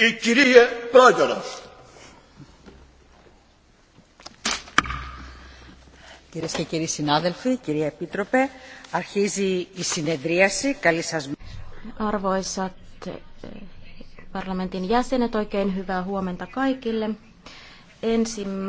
Η κυρία Πρόεδρος. Κυρίες και κύριοι συνάδελφοι, κυρία Επίτροπε, αρχίζει η συνεδρίαση. Καλή σας Arvoisat parlamentin jäsenet, oikein hyvää huomenta kaikille. Ensimmä...